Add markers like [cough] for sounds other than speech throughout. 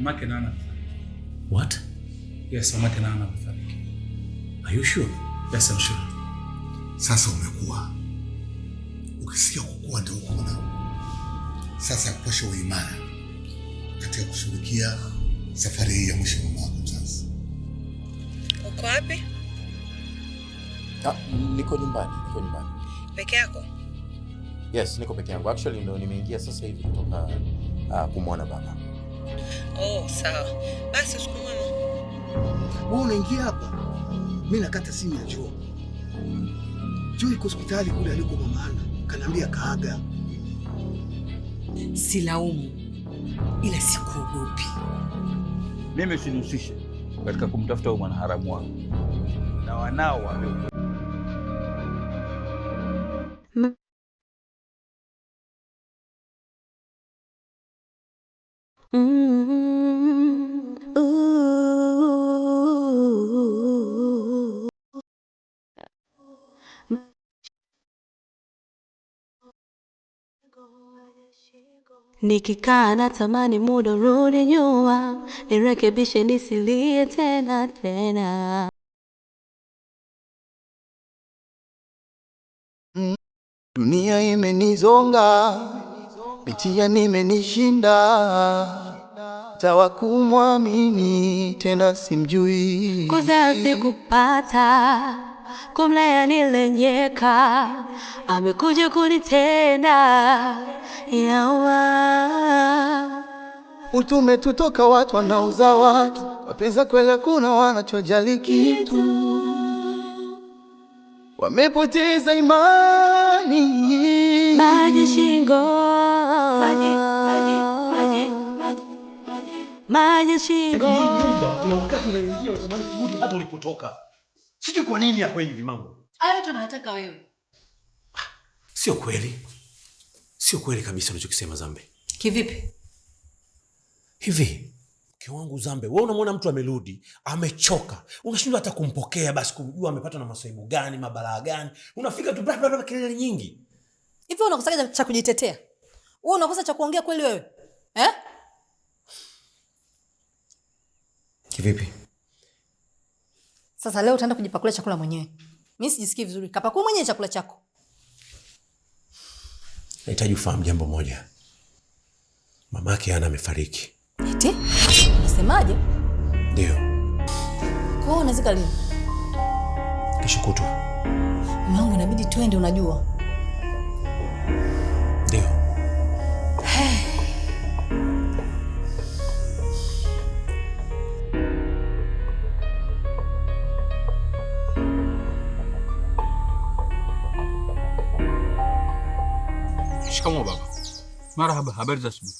Mamake Nana amefariki. What? Yes, mamake Nana amefariki. Are you sure? Yes, I'm sure. Sasa umekuwa ukisikia kukua ndio kuona. Sasa posho uimara katika kushughulikia safari hii ya mwisho wa wako mzazi. Uko wapi? Ah, niko nyumbani, niko nyumbani. Peke yako? Yes, niko peke yangu. Actually, ndo nimeingia sasa hivi kutoka uh, kumwona baba. Oh, sawa basi, usiku mwema. Wewe unaingia hapa, mimi nakata simu ya Joe. Joe iko hospitali kule aliko mama Ana, kanaambia kaaga. Silaumu ila sikuogopi. Mimi sinihusishe katika kumtafuta huyo mwanaharamu wako na wanao wameuka Nikikaa tamani muda rudi nyuma, nirekebishe nisilie tena tena. Mm. Dunia imenizonga, mitihani imenishinda, tawa kumwamini tena simjui. kuzazi kupata kwa mlaya nilenyeka, amekuja kunitenda yawa. Utume tutoka watu wanauza watu, wapenza kwele kuna wanachojali kitu, wamepoteza imani maji shingo maji, shingo maji shingo Sijui kwa nini yako hivi mambo. Hayo tunataka wewe. Sio kweli. Sio kweli kabisa unachokisema Zambe. Kivipi? Hivi mke wangu Zambe, wewe unamwona mtu amerudi, amechoka. Unashindwa hata kumpokea basi kujua amepatwa na masaibu gani, mabalaa gani. Unafika tu bla bla bla kelele nyingi. Hivi unakosa cha kujitetea? Wewe unakosa cha kuongea kweli wewe? Eh? Kivipi? Sasa leo utaenda kujipakulia chakula mwenyewe. Mimi sijisikii vizuri. Kapakua mwenyewe chakula chako. Nahitaji ufahamu jambo moja. Mamake Ana amefariki. Eti? Unasemaje? Ndio. Kwao unazika lini? Kesho kutwa. Mwanangu, inabidi twende, unajua. Marhaba, habari za asubuhi.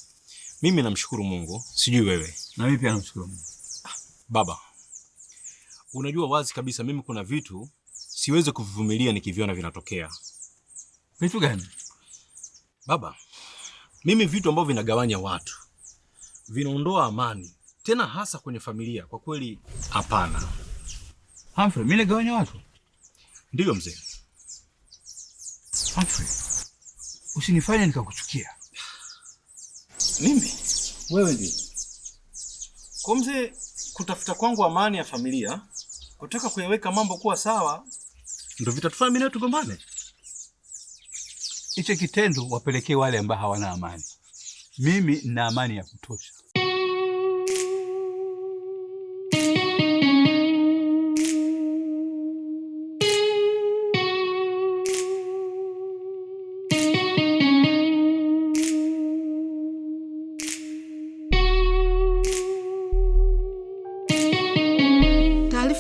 Mimi namshukuru Mungu, sijui wewe. Na mimi pia namshukuru Mungu. Ah, baba, unajua wazi kabisa mimi kuna vitu siwezi kuvivumilia nikiviona vinatokea. Vitu gani baba? Mimi vitu ambavyo vinagawanya watu, vinaondoa amani, tena hasa kwenye familia. Kwa kweli hapana. Humphrey, mimi nagawanya watu? Ndiyo mzee. Humphrey, usinifanye nikakuchukia mimi wewe ndio kwa mzee. Kutafuta kwangu amani ya familia, kutaka kuyaweka mambo kuwa sawa, ndio vitatufanya mimi na tugombane. Hicho kitendo wapelekee wale ambao hawana amani. Mimi nina amani ya kutosha.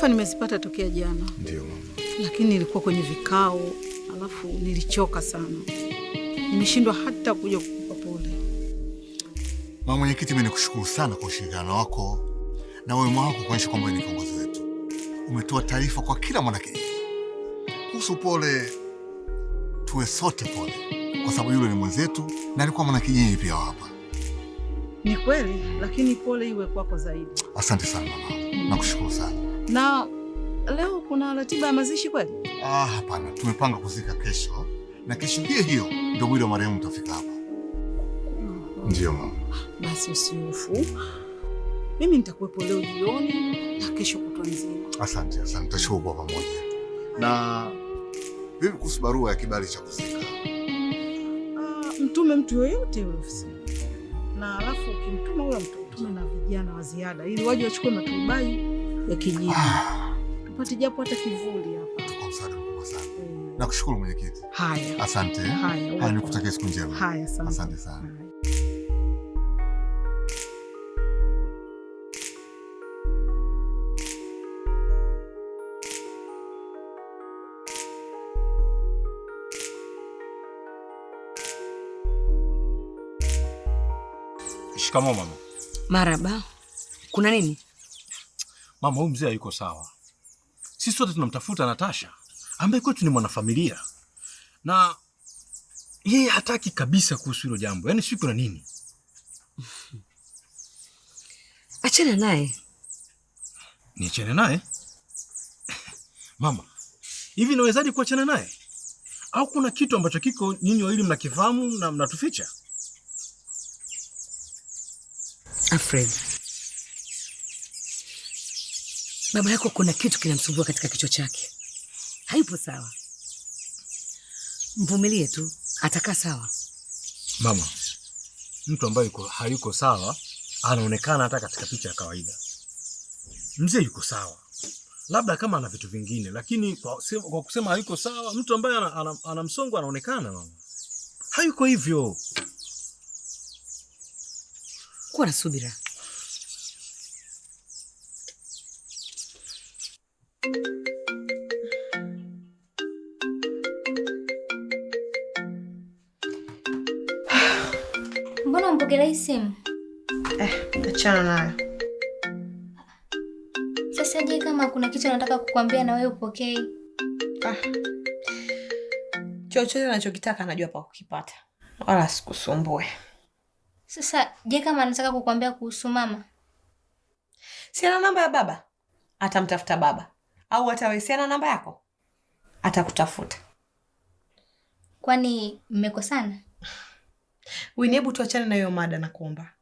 Taarifa nimezipata tokea jana, ndio lakini nilikuwa kwenye vikao, alafu nilichoka sana, nimeshindwa hata kuja kukupa pole. Mama mwenyekiti, mimi nikushukuru sana kwa ushirikiano wako na wema wako kuonyesha kwamba ni kiongozi wetu. Umetoa taarifa kwa kila mwanakijiji kuhusu pole. Tuwe sote pole, kwa sababu yule ni mwenzetu na alikuwa mwanakijiji pia hapa. Ni kweli, lakini pole iwe kwako zaidi. Asante sana mama, nakushukuru sana. Na leo kuna ratiba ya mazishi kweli? Ah, hapana, tumepanga kuzika kesho na kesho hiyo hiyo ndio mwili wa marehemu utafika hapa. Ndio mama. Basi usihofu, mimi nitakuwepo leo jioni na kesho kutwa nzima. Asante, asante, tashukuru kwa pamoja. Na vipi kuhusu barua ya kibali cha kuzika? Uh, mtume mtu yoyote ofisi, na alafu ukimtuma huyo mtu mtume na vijana wa ziada ili waje wachukue maturubai ya kijiji ah. tupate japo hata kivuli hapa. sana. Eh. Nakushukuru mwenyekiti. Haya, asante. Haya, nikutakia siku njema. Haya, asante sana. Shikamoo mama. Maraba. Kuna nini? mama, huyu mzee hayuko sawa. Sisi sote tunamtafuta Natasha ambaye kwetu ni mwanafamilia, na yeye hataki kabisa kuhusu hilo jambo, yaani siku na nini. [laughs] Achana naye, niachane naye [laughs] mama? Hivi nawezaje kuachana naye? Au kuna kitu ambacho kiko nyinyi wawili mnakifahamu na mnatuficha? Afraid Mama yako kuna kitu kinamsumbua katika kichwa chake, haipo sawa. Mvumilie tu, atakaa sawa. Mama, mtu ambaye hayuko sawa anaonekana hata katika picha ya kawaida. Mzee yuko sawa, labda kama ana vitu vingine, lakini kwa, kwa kusema hayuko sawa, mtu ambaye ana, ana, ana msongo anaonekana mama, hayuko hivyo. Kuwa na subira. Mwagilia simu eh, achana nayo sasa. Je, kama kuna kitu anataka kukwambia na wewe upokee? Ah, chochote anachokitaka anajua pa kukipata, wala sikusumbue. Sasa je, kama anataka kukwambia kuhusu mama, si ana namba ya baba? Atamtafuta baba au atawesiana namba yako, atakutafuta. Kwani mmekosana? Wini, hebu tuachane na hiyo mada na kuomba.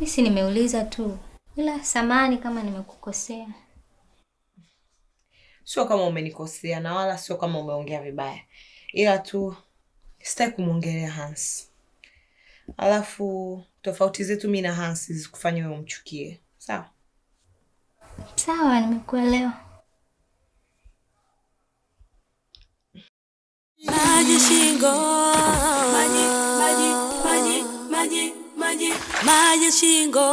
Misi nimeuliza tu, ila samani kama nimekukosea. Sio kama umenikosea na wala sio kama umeongea vibaya, ila tu sitaki kumwongelea Hans. Alafu tofauti zetu mi na Hans zikufanya wewe umchukie, sawa? Sawa, nimekuelewa. Maji shingo, maji, maji, maji, maji, maji, maji shingo,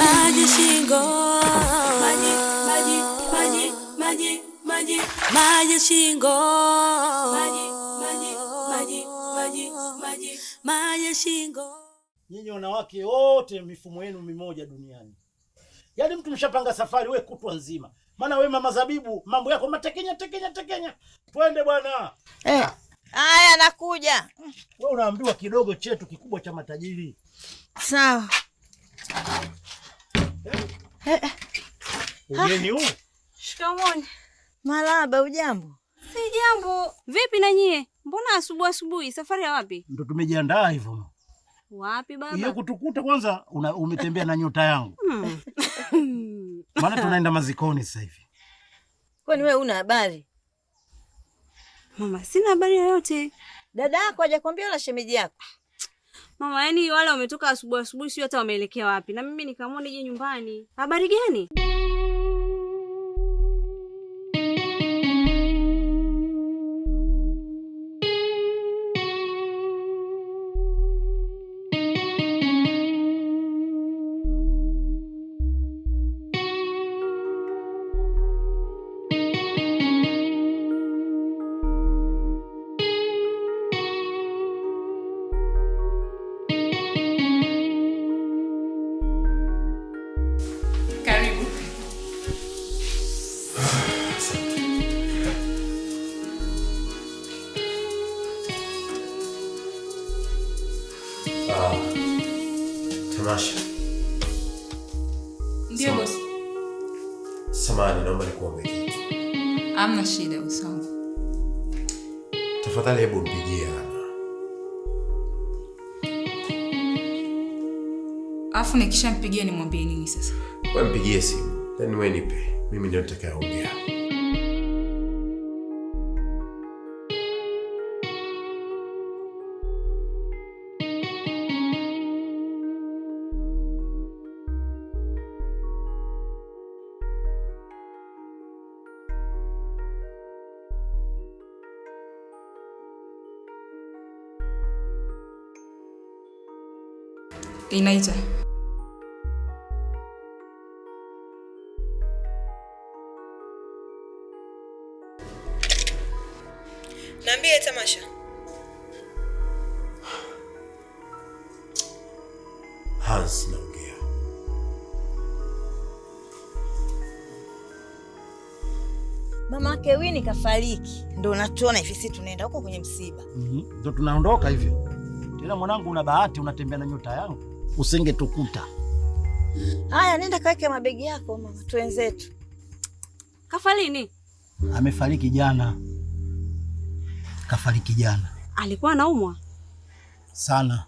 maji, shingo, maji, maji, maji, maji, maji, maji shingo, maji, maji, maji, maji, maji, maji shingo. Nyinyi wanawake wote, mifumo yenu mimoja duniani, yaani mtu mshapanga safari we kutwa nzima maana we mama Zabibu, mambo yako matekenya tekenya tekenya. Twende bwana. Eh. Haya nakuja. Wewe unaambiwa kidogo chetu kikubwa cha matajiri. Sawa. Eh. eh, eh. Ugeni huu? Shikamoni. Malaba, ujambo? Si jambo. Vipi na nyie? Mbona asubuhi asubuhi, safari ya wapi? Ndio tumejiandaa hivyo. Wapi baba? Hiyo kutukuta kwanza umetembea na nyota yangu. Hmm. [laughs] maana [laughs] tunaenda mazikoni sasa hivi. Kwani wewe una habari? Mama, sina habari yoyote. Dada yako hajakwambia wala shemeji yako? Mama, yaani wale wametoka asubuhi asubuhi, sio hata wameelekea wapi, na mimi nikamwona je nyumbani. Habari gani? Alafu nikishampigia nimwambie nini sasa? Wewe mpigie simu. Then wewe nipe. Mimi ndio nitakayeongea. Inaita. kafariki, ndo natuona hivi sisi tunaenda huko kwenye msiba mhm. ndo mm -hmm. tunaondoka hivyo. Tena mwanangu, una bahati unatembea na nyota yangu, usingetukuta. Haya, nenda kaweke mabegi yako mama, tuenzetu. Kafalini amefariki jana, kafariki jana. Alikuwa anaumwa sana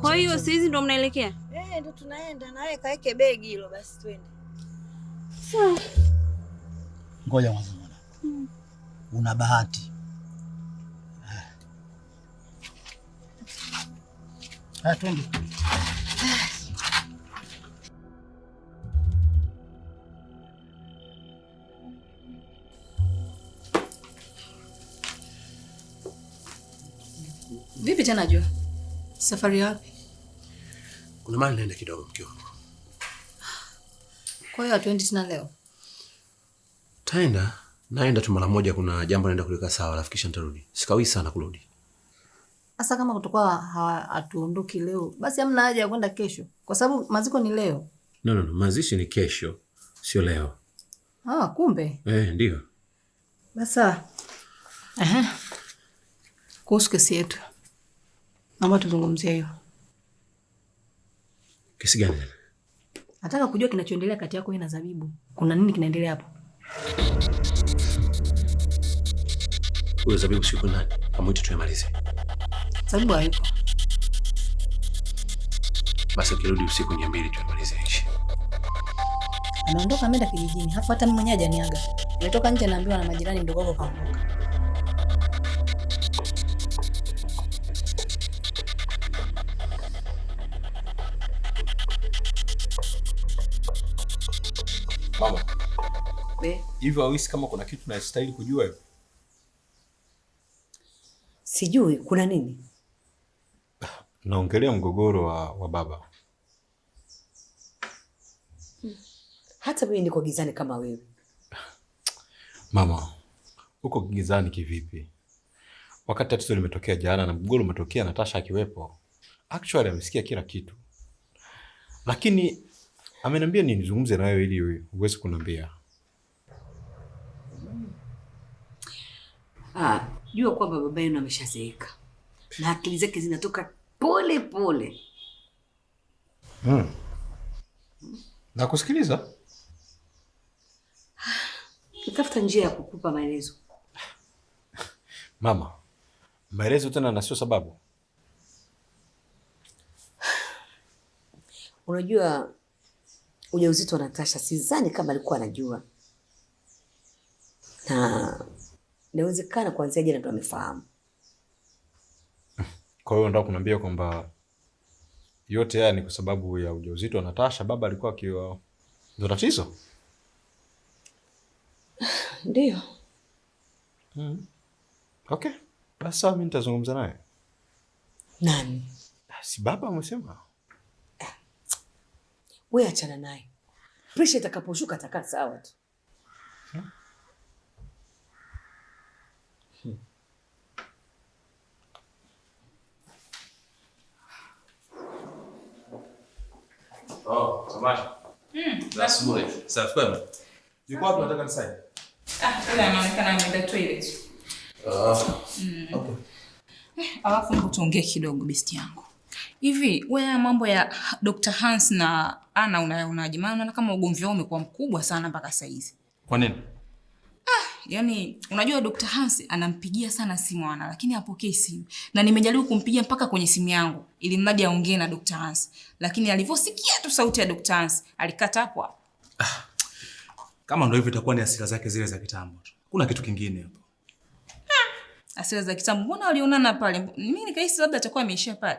Kwa hiyo sisi ndo mnaelekea? Eh, ndo tunaenda na wewe, kaweke begi hilo basi, twende. Ngoja mwanzo hmm. una bahati. Haya, twende. Vipi tena Jo? Safari wapi? Kuna maana naenda kidogo mkiwa kwa hiyo hatuendi tena leo? Taenda, naenda tu mara moja, kuna jambo naenda kuliweka sawa, alafu kisha nitarudi. Sikawii sana kurudi. hasa kama kutokuwa hatuondoki leo, basi hamna haja ya kwenda kesho, kwa sababu maziko ni leo. No, no, no, mazishi ni kesho, sio leo. Ah, kumbe eh, ndio basa. Kuhusu kesi yetu naomba tuzungumzie hiyo. Kesi gani? Nataka kujua kinachoendelea kati yako na Zabibu. Kuna nini kinaendelea hapo? Huyo Zabibu siku nani? Amwite tuyamalize. Zabibu hayupo. Basi kirudi usiku niambie ili tuyamalize ishi. Ameondoka ameenda kijijini. Hapo hata mimi mwenyewe hajaniaga. Nilitoka nje naambiwa na majirani mdogo wako kaondoka. Hivyo hawisi kama kuna kitu nastahili kujua Sijui kuna nini? Naongelea mgogoro wa, wa baba. Hata mimi niko gizani kama wewe. Mama, uko gizani kivipi? Wakati tatizo limetokea jana na mgogoro umetokea Natasha akiwepo. Actually amesikia kila kitu, lakini ameniambia nizungumze na wewe ili uweze kuniambia Ah, jua kwamba baba yenu ameshazeeka na akili zake zinatoka pole pole. Hmm. Na kusikiliza Nitafuta njia ya kukupa maelezo mama, maelezo tena na sio sababu. Unajua ujauzito wa Natasha sidhani kama alikuwa anajua na inawezekana kuanzia jana ndo amefahamu. Kwa hiyo nataka kuniambia kwamba yote haya ni kwa sababu ya ujauzito wa Natasha, baba alikuwa akiwa ndo tatizo. [sighs] Ndio. Mm. Okay. Basi sawa, mimi nitazungumza naye. Nani? Si baba amesema. Ah, wewe achana naye. Presha itakaposhuka atakaa sawa tu. Oh, hmm, ah, ah. hmm. eh, Alafu tuongee kidogo besti yangu. Hivi wea mambo ya Dr. Hans na Ana unayaonaje? Maana kama ugomvi wao umekuwa mkubwa sana mpaka saizi. Kwa nini? yani unajua Dr. Hans anampigia sana simu ana, lakini hapokei simu, na nimejaribu kumpigia mpaka kwenye simu yangu ili mradi aongee na Dr. Hans, lakini alivyosikia tu sauti ya Dr. Hans alikata hapo hapo. Ah, kama ndio hivyo itakuwa ni asira zake zile za kitambo tu, kuna kitu kingine hapo. Ah, asira za kitambo, mbona walionana pale? Mimi nikahisi labda atakuwa ameishia pale.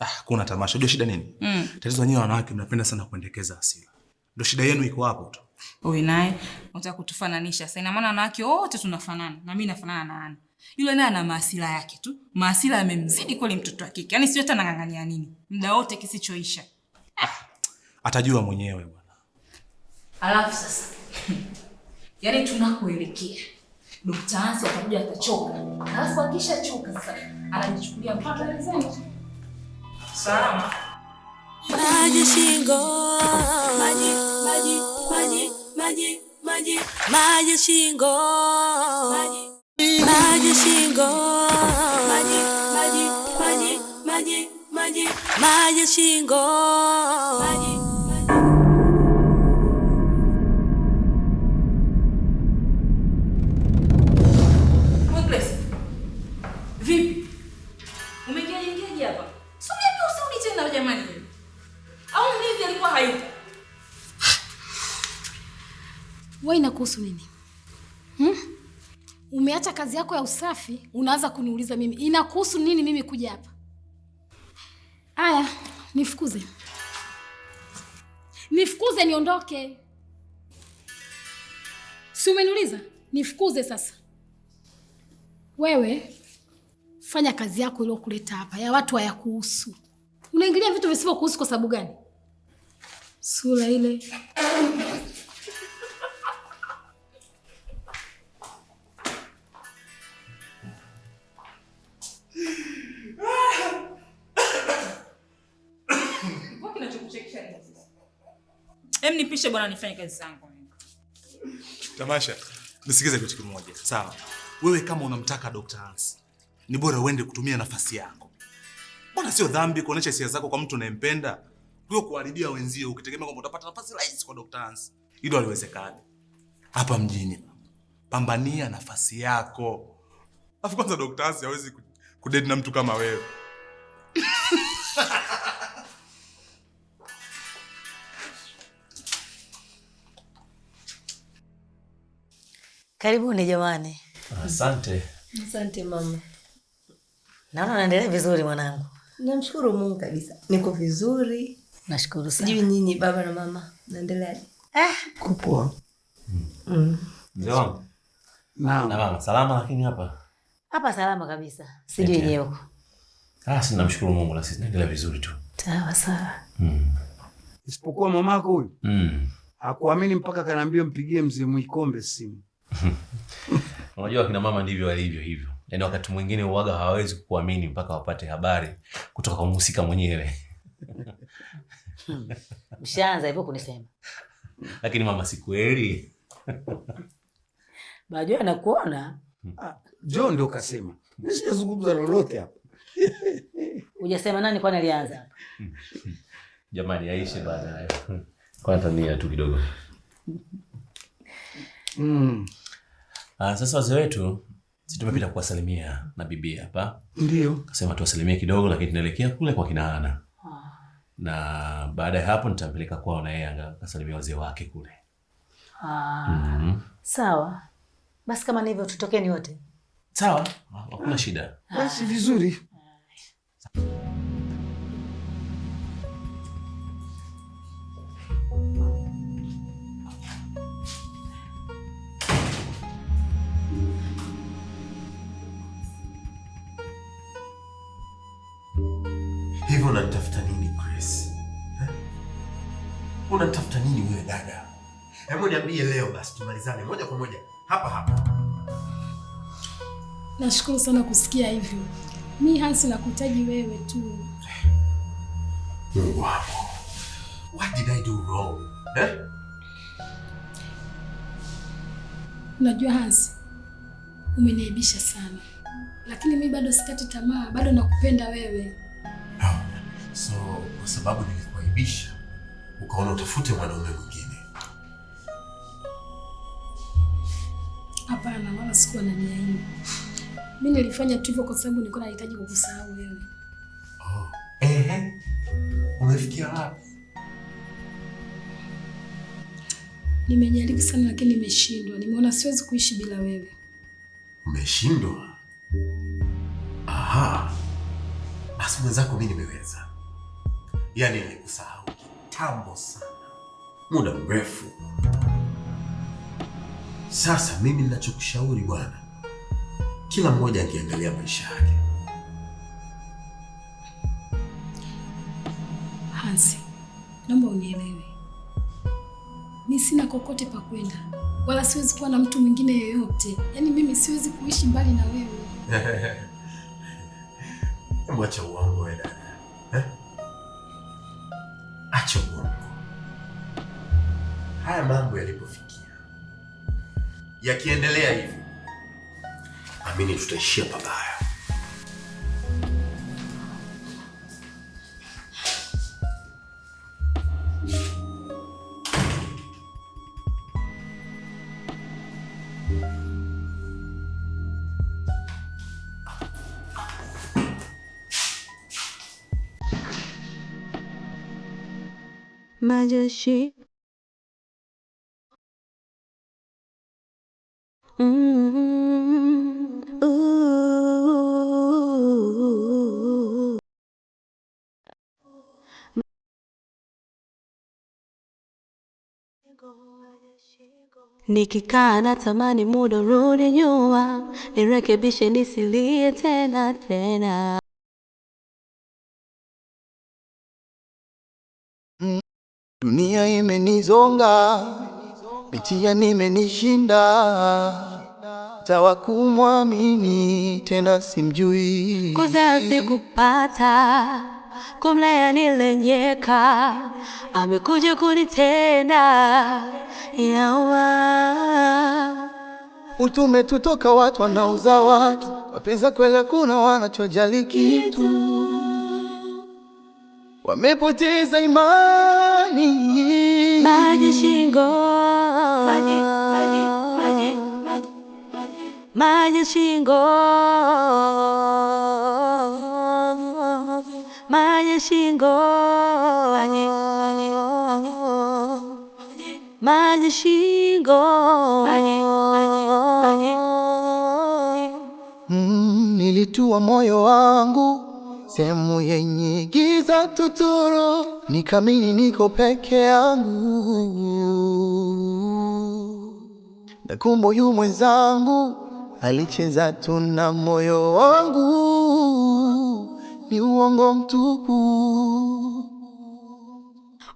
Ah, kuna tamasha. Ndio shida nini? Mm. Tatizo nyinyi wanawake mnapenda sana kuendekeza asira. ndio shida yenu iko hapo tu. Wewe naye unataka kutufananisha. Sasa ina maana wanawake wote tunafanana na mimi nafanana na Ana. Yule naye ana maasila yake tu. Maasila yamemzidi kweli mtoto wa kike. Yaani sio hata nang'ang'ania nini. Muda wote kisichoisha. Ah, atajua mwenyewe bwana. Alafu sasa. [laughs] Yaani tunakoelekea. Dokta Ansi atakuja atachoka. Alafu choka sasa anajichukulia mpaka mezani. Salama. Maji shingo. Maji, maji maji, maji, maji, maji shingo, maji, shingo, maji, maji, maji, maji, maji, maji shingo, maji kuhusu nini hmm? hmm? Umeacha kazi yako ya usafi unaanza kuniuliza mimi inakuhusu nini? Mimi kuja hapa? Aya, nifukuze, nifukuze, niondoke? Si umeniuliza nifukuze? Sasa wewe fanya kazi yako iliyokuleta hapa, ya watu hayakuhusu. Unaingilia vitu visivyokuhusu kwa sababu gani? Sura ile Hem, nipishe bwana nifanye kazi zangu. Tamasha, nisikize kitu kimoja. Sawa. Wewe kama unamtaka Dr. Hans, ni bora uende kutumia nafasi yako. Bwana, sio dhambi kuonesha hisia zako kwa mtu unayempenda? Ndio kuharibia wenzio ukitegemea kwamba utapata nafasi rahisi kwa Dr. Hans. Hilo haliwezekani. Hapa mjini. Pambania nafasi yako. Afu kwanza Dr. Hans hawezi kudate na mtu kama wewe. Karibuni jamani. Asante. Asante mama. Naona naendelea vizuri mwanangu. Namshukuru Mungu kabisa, niko vizuri. Nashukuru sana. Sijui nyinyi baba na mama naendeleaje? Eh, kupoa. Mm. Mzee wangu. Na mama salama, lakini hapa hapa salama kabisa, sijui yenyewe huko. Ah, si namshukuru Mungu na sisi naendelea vizuri tu. Sawa sawa. Mm. Isipokuwa mamako huyu. Mm. Hakuamini mpaka kanaambia mpigie mzee Mwikombe simu. [laughs] Unajua kina mama ndivyo walivyo hivyo, yani wakati mwingine uwaga hawawezi kuamini mpaka wapate habari kutoka kwa mhusika mwenyewe. Mshaanza [laughs] hivyo kunisema, lakini mama, si kweli [laughs] Bajua anakuona hmm. ah, jo ndio kasema, sijazungumza lolote hapa. Ujasema nani kwani alianza hmm. Hmm. Jamani, aishe baadaye kwa Tanzania tu kidogo mm. Uh, sasa wazee wetu si tumepita kuwasalimia na bibi hapa. Ndio. Kasema tuwasalimie kidogo lakini tunaelekea kule kwa kina Ana. Ah. Na baada ya hapo nitampeleka kwao na yeye akasalimia wazee wake kule. Ah. Mm -hmm. Sawa. Basi kama ni hivyo tutokeni wote. Sawa, ah, hakuna shida. Basi vizuri. unatafuta nini wewe dada? Hebu niambie leo basi tumalizane moja kwa moja hapa hapa. Nashukuru sana kusikia hivyo. Mi Hansi nakuhitaji wewe tu. Mungu wangu. What did I do wrong? Eh? Unajua Hansi, umeniaibisha sana, lakini mi bado sikati tamaa, bado nakupenda wewe. Oh. So kwa sababu nilikuaibisha ukaona utafute mwanaume mwingine? Hapana, wala sikuwa na nia hiyo. Mimi nilifanya tu hivyo kwa sababu nilikuwa nahitaji kukusahau wewe. Oh. Ehe. Umefikia wapi? Nimejaribu sana lakini nimeshindwa. Nimeona siwezi kuishi bila wewe. Umeshindwa? Aha. Basi mwenzako mimi nimeweza. Yaani nilikusahau kitambo sana, muda mrefu. Sasa mimi ninachokushauri bwana, kila mmoja angeangalia maisha yake. Hansi, naomba unielewe, mi sina kokote pa kwenda, wala siwezi kuwa na mtu mwingine yoyote. Yaani mimi siwezi kuishi mbali na wewe. Mwacha uongo wewe acha uongo. Haya mambo yalipofikia, yakiendelea hivi, amini tutaishia pabaya. majesty. Mm, ooh. tamani natamani muda urudi nyuma, nirekebishe nisilie tena tena. Dunia imenizonga, mitia nimenishinda tawa kumwamini tena simjui. Kwanza sikupata, kumlea nilenyeka, amekuja kunitenda yawa. Utume tutoka watu wanauza watu, wapenza kwele kuna wanachojali kitu wamepoteza imani. Maji shingo, maji, shingo, maji shingo, maji, shingo, mm, nilitua moyo wangu sehemu yenye giza tuturu, nikamini niko peke yangu, na kumbe yu mwenzangu alicheza tu na moyo wangu, ni uongo mtupu.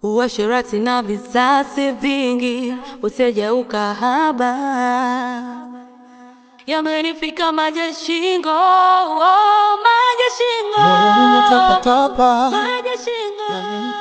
Uasherati na visasi vingi, usije ukahaba yamenifika maji shingo, oh, maji shingo, maji shingo